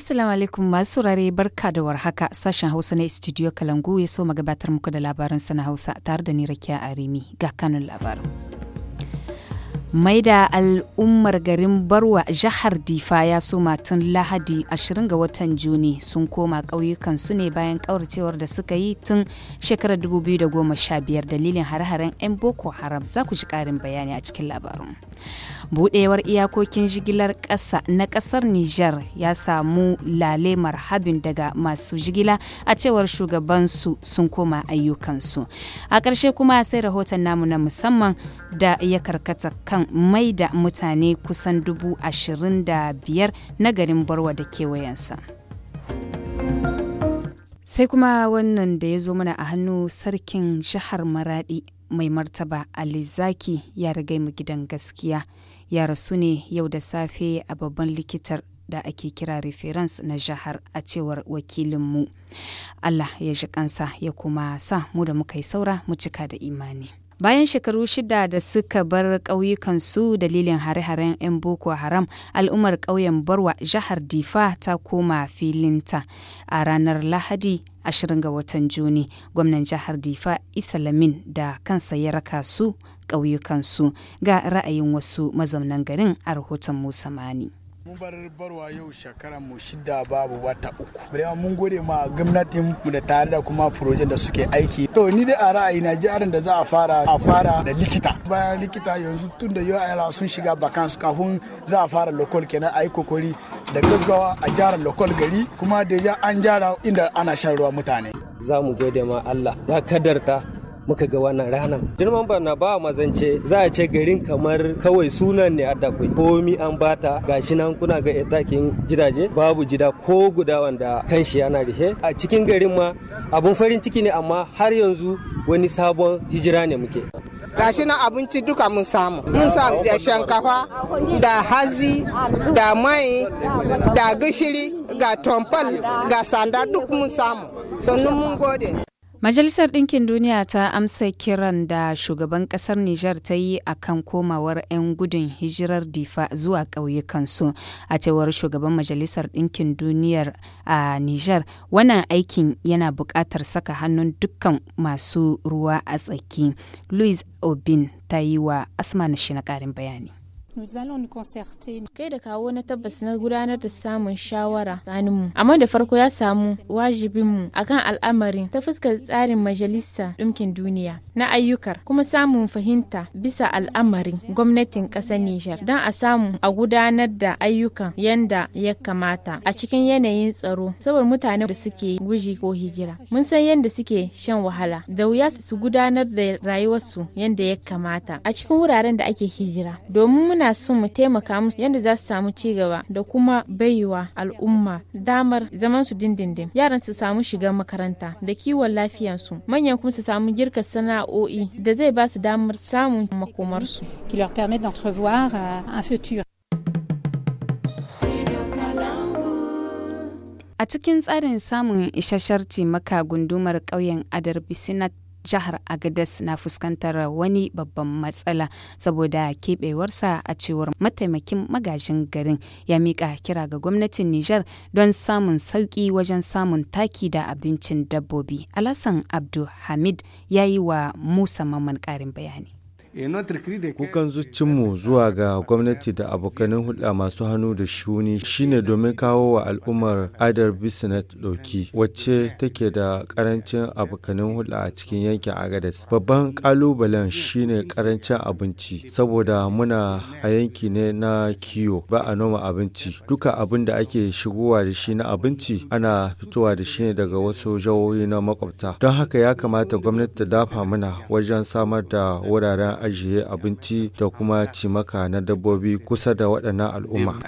Assalamu alaikum masu saurare barka da warhaka sashen Hausa na Studio Kalangu ya so magabatar muku da labaran sana Hausa tare da ni Rakiya Arimi ga kanun labarin. maida al'ummar garin barwa jihar difa ya soma tun lahadi 20 ga watan juni sun koma ƙauyukansu ne bayan ƙauracewar da suka yi tun shekarar 2015 dalilin har haren 'yan boko haram za ku ji ƙarin bayani a cikin labarun buɗewar iyakokin jigilar ƙasa na ƙasar niger ya samu lalemar habin daga masu jigila a cewar shugabansu sun koma ayyukansu a ƙarshe kuma sai rahoton namu na musamman da ya karkata kan kan da mutane kusan dubu ashirin da biyar na garin Barwa da kewayensa. Sai kuma wannan da ya zo mana a hannu sarkin shahar Maradi mai martaba Alizaki ya riga mu gidan gaskiya. Ya rasu ne yau da safe a babban likitar da ake kira reference na jihar a cewar wakilinmu. Allah ya ji kansa ya kuma sa mu da muka yi saura mu cika da imani. Bayan shekaru shida da suka bar ƙauyukansu dalilin hare-haren 'yan Boko Haram, al'ummar ƙauyen Barwa jihar Difa ta koma filinta a ranar Lahadi 20 ga watan Juni. Gwamnan jihar Difa Isalamin da kansa ya raka su ƙauyukansu ga ra'ayin wasu mazaunan garin a rahoton Musamani. mun bar barwa yau shekaran mu shida babu wata uku bayan mun gode ma gwamnatin mu da tare da kuma projen da suke aiki to ni dai a ra'ayi na jarin da za a fara a fara da likita bayan likita yanzu tun da yau sun shiga bakansu kafin za a fara local kenan ai kokori da gaggawa a jara local gari kuma da an jara inda ana shan ruwa mutane za mu gode ma Allah ya kadarta muka ga wannan ranar girman na ba mazance za a ce garin kamar kawai sunan ne a dakwai. komi an bata gashi nan kuna ga takin gidaje babu gida ko guda wanda kanshi yana rihe a cikin garin ma abun farin ciki ne amma har yanzu wani sabon hijira ne muke gashi na abinci duka mun samu mun samu da shankafa da hazi da mai da gishiri ga tomfal ga sanda duk mun samu sannan mun gode Majalisar Ɗinkin Duniya ta amsa kiran da shugaban ƙasar Nijar ta yi a kan komawar 'yan gudun hijirar difa zuwa ƙauyukansu a cewar shugaban Majalisar Ɗinkin Duniyar a Nijar. Wannan aikin yana buƙatar saka hannun dukkan masu ruwa a tsaki. Louis Obin ta yi wa Asma na shi na ƙarin bayani. Kai da kawo na tabbas na gudanar da samun shawara tsaninmu. Amma da farko ya samu wajibinmu akan al'amarin ta fuskar tsarin majalisa ɗumkin duniya na ayyukar kuma samun fahimta bisa al'amarin gwamnatin ƙasar Nijar don a samu a gudanar da ayyukan yanda ya kamata a cikin yanayin tsaro saboda mutane da suke guji ko hijira. Mun san yanda suke shan wahala da wuya su gudanar da rayuwarsu yanda ya kamata a cikin wuraren da ake hijira domin Ana son mu taimaka musu yadda za su samu ci gaba da kuma baiwa al'umma damar zaman su dindindin. Yaran su samu shiga makaranta da kiwon lafiyansu. Manyan kuma su samu girka sana'o'i da zai ba su damar samun makomarsu. Euh, A cikin tsarin samun isashar taimaka gundumar ƙauyen Adar Bisinat jihar agadas na fuskantar wani babban matsala saboda keɓewarsa a cewar mataimakin magajin garin ya miƙa kira ga gwamnatin nijar don samun sauƙi wajen samun taki da abincin dabbobi alasan abdulhamid ya yi wa musa maman ƙarin bayani Eh, Kukan zuccinmu zuwa ga gwamnati da abokanin hulɗa masu hannu da shuni shine domin kawo wa al'ummar adar bisnet ɗauki wacce take da ƙarancin abokanin hulɗa a cikin yankin agadas babban ƙalubalen shine ƙarancin abinci saboda muna a yanki ne na kiyo ba a noma abinci duka abin da ake shigowa da shi na abinci ana fitowa da shi ne daga wasu jihohi na makwabta don haka ya kamata gwamnati ta dafa mana wajen samar da wuraren ajiye abinci da kuma cimaka na dabbobi kusa da waɗannan al'umma.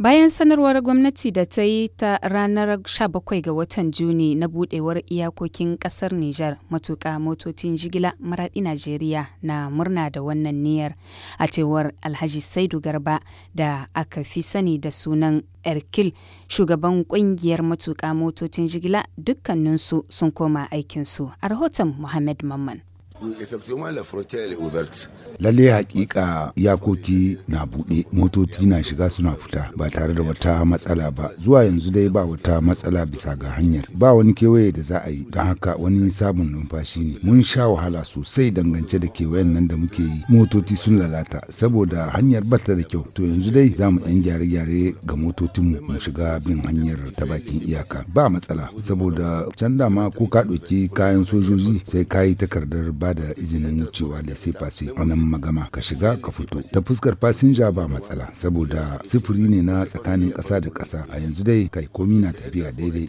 Bayan sanarwar gwamnati da ta yi ta ranar 17 ga watan Juni na buɗewar iyakokin ƙasar Nijar matuƙa motocin jigila maraɗi Najeriya na murna da wannan niyyar a cewar Alhaji Saidu Garba da aka fi sani da sunan Erkil shugaban ƙungiyar matuƙa motocin jigila dukkaninsu sun koma aikinsu a rahoton Muhammad Mamman. Lalle hakika iyakoki na buɗe motoci na shiga suna fita ba tare da wata matsala ba zuwa yanzu dai ba wata matsala bisa ga hanyar ba wani kewaye da za a yi don haka wani sabon numfashi ne mun sha wahala sosai dangance da kewayen nan da muke yi motoci sun lalata saboda hanyar ba ta da kyau to yanzu dai za mu ɗan gyare-gyare ga motocin mu shiga bin hanyar ta bakin iyaka ba matsala saboda can dama ko ka ɗauki kayan sojoji sai ka yi takardar ba ba da izinin cewa da sai fasi wannan magama ka shiga ka fito ta fuskar fasinja ba matsala saboda sifiri ne na tsakanin kasa da kasa a yanzu dai kai komi na tafiya daidai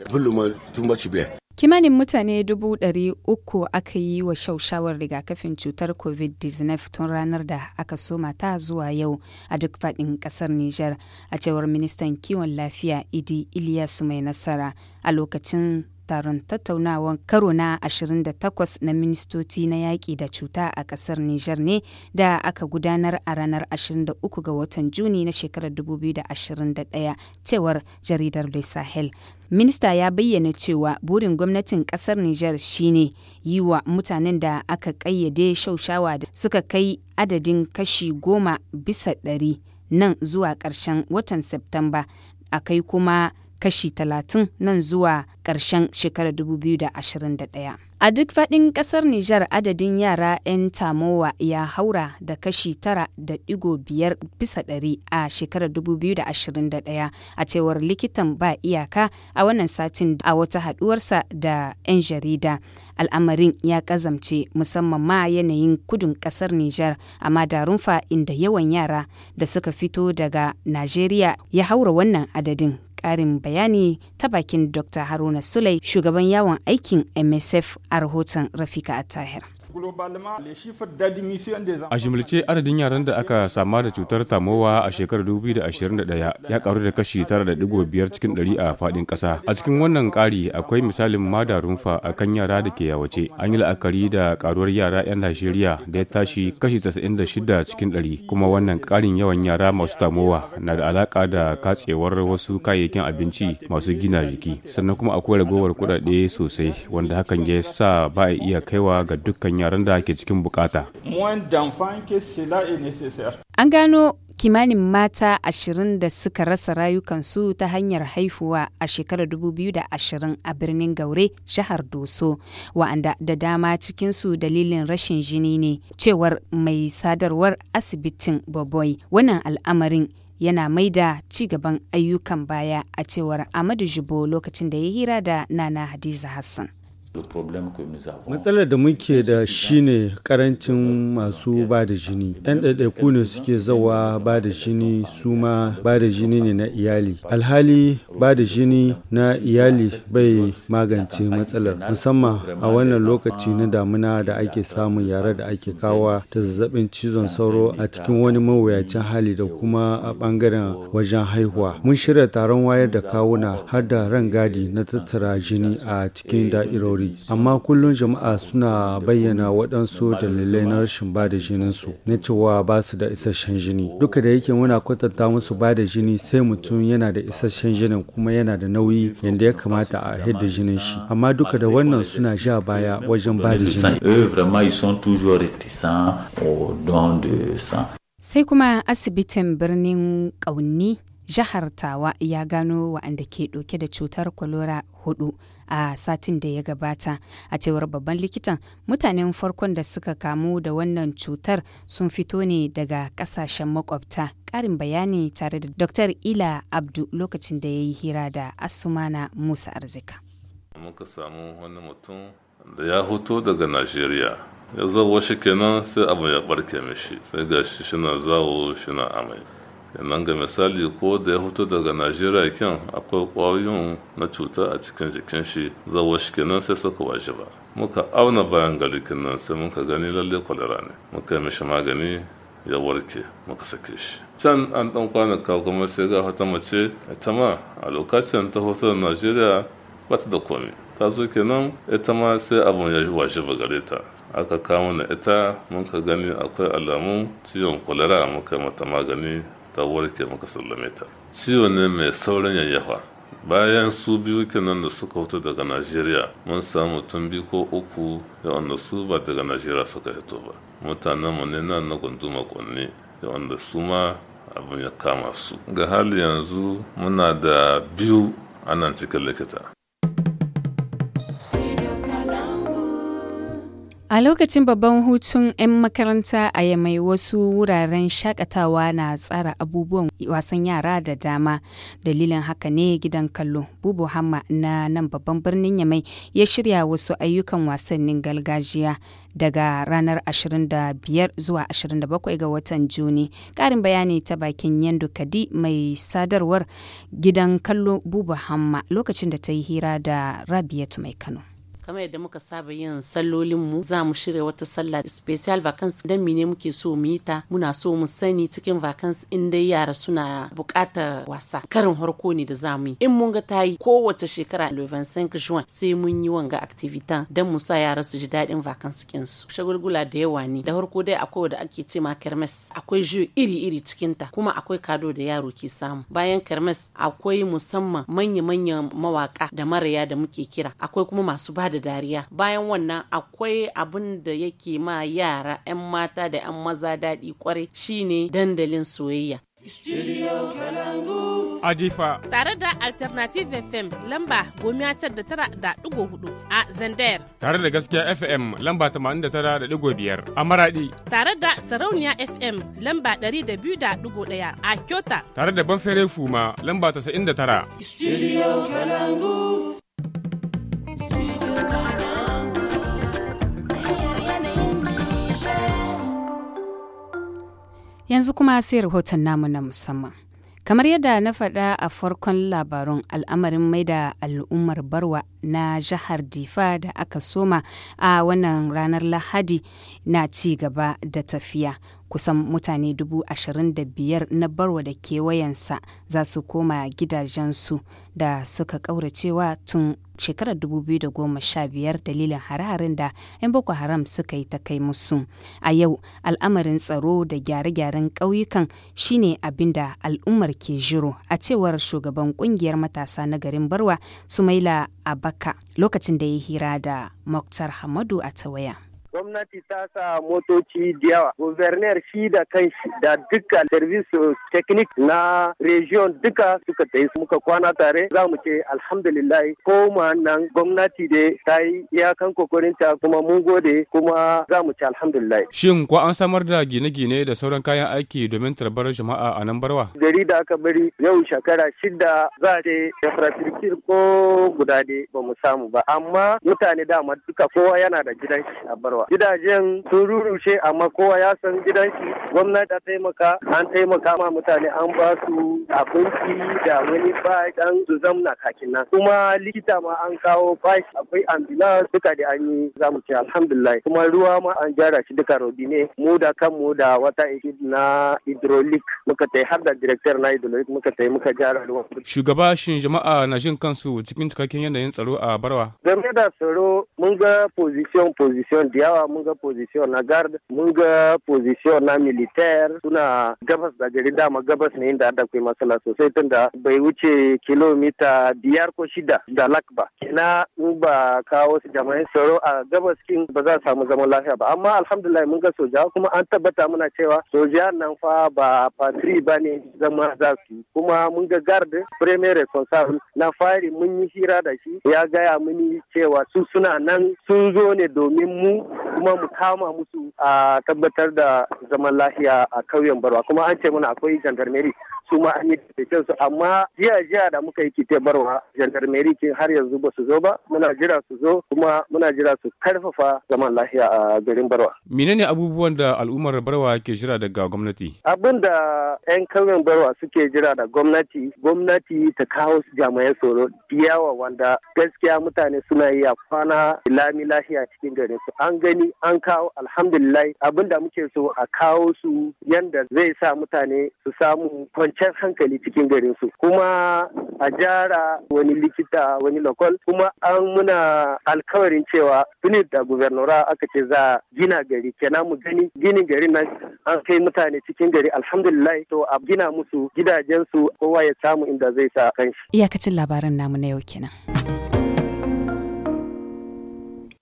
kimanin mutane dubu ɗari uku aka yi wa shaushawar rigakafin cutar covid-19 tun ranar da aka soma ta zuwa yau a duk faɗin ƙasar niger a cewar ministan kiwon lafiya idi iliyasu mai nasara a lokacin taron tattaunawar karo na 28 na ministoci na yaƙi da cuta a ƙasar Nijar ne da aka gudanar a ranar 23 ga watan Juni na shekarar 2021 cewar jaridar Le Sahel. Minista ya bayyana cewa burin gwamnatin ƙasar Nijar shine yi wa mutanen da aka ƙayyade shaushawa da suka kai adadin kashi goma bisa ɗari nan zuwa ƙarshen watan Septamba. Akai kuma kashi 30 nan zuwa ƙarshen shekarar 2021. A duk faɗin ƙasar Nijar adadin yara 'yan tamowa ya haura da kashi 9.5 bisa ɗari a shekarar 2021 a cewar likitan ba iyaka a wannan satin a wata haɗuwarsa da 'yan jarida. al'amarin ya kazamce musamman ma yanayin kudin kasar Nijar amma da rumfa inda yawan yara da suka fito daga Najeriya ya haura wannan adadin. karin bayani ta bakin Dr. Haruna Sulai, shugaban yawon aikin MSF a rahoton Rafika Attahir. A jimlice adadin yaran da aka sama da cutar tamowa a shekarar 2021 ya karu da kashi 9.5 cikin 100 a fadin kasa. A cikin wannan kari akwai misalin mada rumfa a kan yara da ke yawace. An yi la'akari da karuwar yara 'yan Najeriya da ya tashi kashi 96 cikin 100 kuma wannan karin yawan yara masu tamowa na da alaka da katsewar wasu kayayyakin abinci masu gina jiki sannan kuma akwai ragowar kuɗaɗe sosai wanda hakan ya sa ba a iya kaiwa ga dukkan yaran yaran ke cikin bukata. An gano kimanin mata ashirin da suka rasa rayukansu ta hanyar haihuwa a shekarar 2020 a birnin gaure shahar doso wa'anda da dama cikinsu dalilin rashin jini ne cewar mai sadarwar asibitin boboi wannan al'amarin yana mai maida gaban ayyukan baya a cewar amadu jubo lokacin da ya hira da nana hadiza hassan matsalar da muke da shi ne karancin masu ba da jini yan ɗaiɗaiku ne suke zawa ba da jini su ma ba da jini ne na iyali alhali ba da jini na iyali bai magance matsalar musamman a wannan lokaci na damuna da ake samun yara da ake kawa ta zazzabin cizon sauro a cikin wani mawuyacin hali da kuma a bangaren wajen haihuwa mun shirya taron wayar da kawuna har da rangadi na tattara jini a cikin da'irori wuri amma kullum jama'a suna bayyana waɗansu dalilai na rashin bada da su na cewa ba su da isasshen jini duka da yake muna kwatanta musu bada jini sai mutum yana da isasshen jinin kuma yana da nauyi yadda ya kamata a hidda jinin shi amma duka da wannan suna ja baya wajen ba da jini sai kuma asibitin birnin ƙauni jihar tawa ya gano waɗanda ke ɗauke da cutar kwalora hudu a satin da ya gabata a cewar babban likitan mutanen farkon da suka kamu da wannan cutar sun fito ne daga kasashen makwabta ƙarin bayani tare da dr ila abdu lokacin da ya yi hira da asumana musa arzika muka samu wani mutum da ya hoto daga najeriya ya zawo shi kenan sai abu ya barke mishi sai gashi shina zawo shina amai nan ga misali ko da ya fito daga najeriya kyan akwai ƙwayoyin na cuta a cikin jikin shi zawo shi nan sai suka washe ba muka auna bayan gari nan sai muka gani lalle kwalera ne muka yi mishi magani ya warke muka sake shi can an dan kwana kuma sai ga wata mace ita ma a lokacin ta hoto da najeriya ba ta da komi ta zo kenan ita ma sai abin ya yi washe ba gare ta aka kama na ita muka gani akwai alamun ciwon kwalera muka mata magani ta warke muka sallame ta ciwo ne mai sauran yayyafa bayan su biyu kenan da suka fito daga najeriya mun samu mutum biyu ko uku da wanda su ba daga najeriya suka fito ba mutanen mu ne nan na gunduma makonni da wanda su ma abin ya kama su ga hali yanzu muna da biyu a nan cikin likita A lokacin babban hutun 'yan makaranta a Yamai wasu wuraren shakatawa na tsara abubuwan wasan yara da dama. Dalilin haka ne gidan kallo. Bubu Hamma na nan babban birnin Yamai ya shirya wasu ayyukan wasannin gargajiya daga ranar 25 zuwa 27 ga watan Juni. Karin bayani ta bakin Yandu Kadi mai sadarwar gidan kallo Bubu Hamma lokacin da ta yi hira da Rabiatu mai Kano. kamar yadda muka saba yin sallolin mu za mu shirya wata sallah special vacancy dan mine muke so mu yi ta muna so mu sani cikin vacancy in dai yara suna bukata wasa karin harko ne da za mu yi in mun ga tayi kowace shekara 25 juin sai mun yi wanga activity dan mu sa yara su ji dadin vacancy kin su shagulgula da yawa ne da harko dai akwai wanda ake ce ma kermes akwai jiyo iri-iri cikin ta kuma akwai kado da yaro ke samu bayan kermes akwai musamman manya-manyan mawaka da maraya da muke kira akwai kuma masu bada da dariya bayan wannan akwai abin da yake ma yara 'yan mata da 'yan maza daɗi kwarai shine dandalin soyayya Studio Kalangu. Adifa. Tare da Alternative FM lamba gomiya tar da tara da ɗigo hudu a Zandayar. Tare da gaskiya FM lamba tamanin da tara da ɗigo biyar a Maradi. Tare da Sarauniya FM lamba ɗari da biyu da ɗigo ɗaya a Kyota. Tare da Banfere Fuma lamba tasa'in da tara. Studio Kalangu. Yanzu kuma sai rahoton namu na musamman. Kamar yadda na faɗa a farkon labarun al'amarin mai da al'ummar barwa na jihar Difa da aka soma a wannan ranar Lahadi na ci gaba da tafiya. kusan mutane dubu ashirin da biyar na barwa da kewayensa za su koma gidajensu da suka kauracewa tun shekarar 2015 dalilin hare-haren da 'yan boko haram suka yi ta kai musu a yau al'amarin tsaro da gyare-gyaren ƙauyukan shine abin da al'ummar ke jiro a cewar shugaban kungiyar matasa na garin barwa sumaila abaka lokacin da ya hira da muktar hamadu a tawaya. gwamnati ta sa motoci da yawa guverner shi da kanshi da duka service technique na region duka suka ta muka kwana tare za mu ce alhamdulillah ko nan gwamnati da ta yi iyakan ta kuma mun gode kuma za mu ce alhamdulillah shin ko an samar da gine-gine da sauran kayan aiki domin tarbar jama'a a nan barwa gari da aka bari yau shekara shida za a je infrastructure ko guda ba mu samu ba amma mutane dama duka kowa yana da gidan shi a barwa yawa gidajen sun rurushe amma kowa ya san gidanki gwamnati ta taimaka an taimaka ma mutane an ba su abinci da wani ba dan su zamna kakin nan kuma likita ma an kawo bashi akwai ambulance duka da an yi zamu ce alhamdulillah kuma ruwa ma an gyara shi duka robine mu da kanmu da wata ekip na hydraulic muka tai har da director na hydraulic muka tai muka gyara ruwa shugaba shin jama'a na jin kansu cikin cikakken yanayin tsaro a barwa game da tsaro mun ga position position da dawa mun ga position na guard mun ga position na militaire suna gabas da gari dama gabas ne inda da kai matsala sosai tunda bai wuce kilomita biyar ko shida da lakba kina in ba kawo su jama'in tsaro a gabas kin ba za samu zaman lafiya ba amma alhamdulillah mun ga soja kuma an tabbata muna cewa soja nan fa ba patri ba ne zama za su kuma mun ga guard premier responsable na fari mun yi hira da shi ya gaya mini cewa su suna nan sun zo ne domin mu kuma mu kama musu a tabbatar da zaman lafiya a kauyen barwa kuma an ce mana akwai gendarmerie su ma an yi keken su amma jiya jiya da muka yi kike barwa jandarmeri ce har yanzu ba su zo ba muna jira su zo kuma muna jira su karfafa zaman lafiya a garin barwa. Menene abubuwan da al'ummar barwa ke jira daga gwamnati? Abin da 'yan kauyen barwa suke jira da gwamnati gwamnati ta kawo jami'an tsoro yawa wanda gaskiya mutane suna yi a kwana lami lafiya cikin garin su an gani an kawo alhamdulillah abin da muke so a kawo su yanda zai sa mutane su samu kwanci kwanciyar hankali cikin garin su kuma a jara wani likita wani lokal kuma an muna alkawarin cewa tuni da gubernura aka ce za gina gari kenan mu gani ginin gari nan an kai mutane cikin gari alhamdulillah to a gina musu gidajen su kowa ya samu inda zai sa kanshi iyakacin labarin namu na yau kenan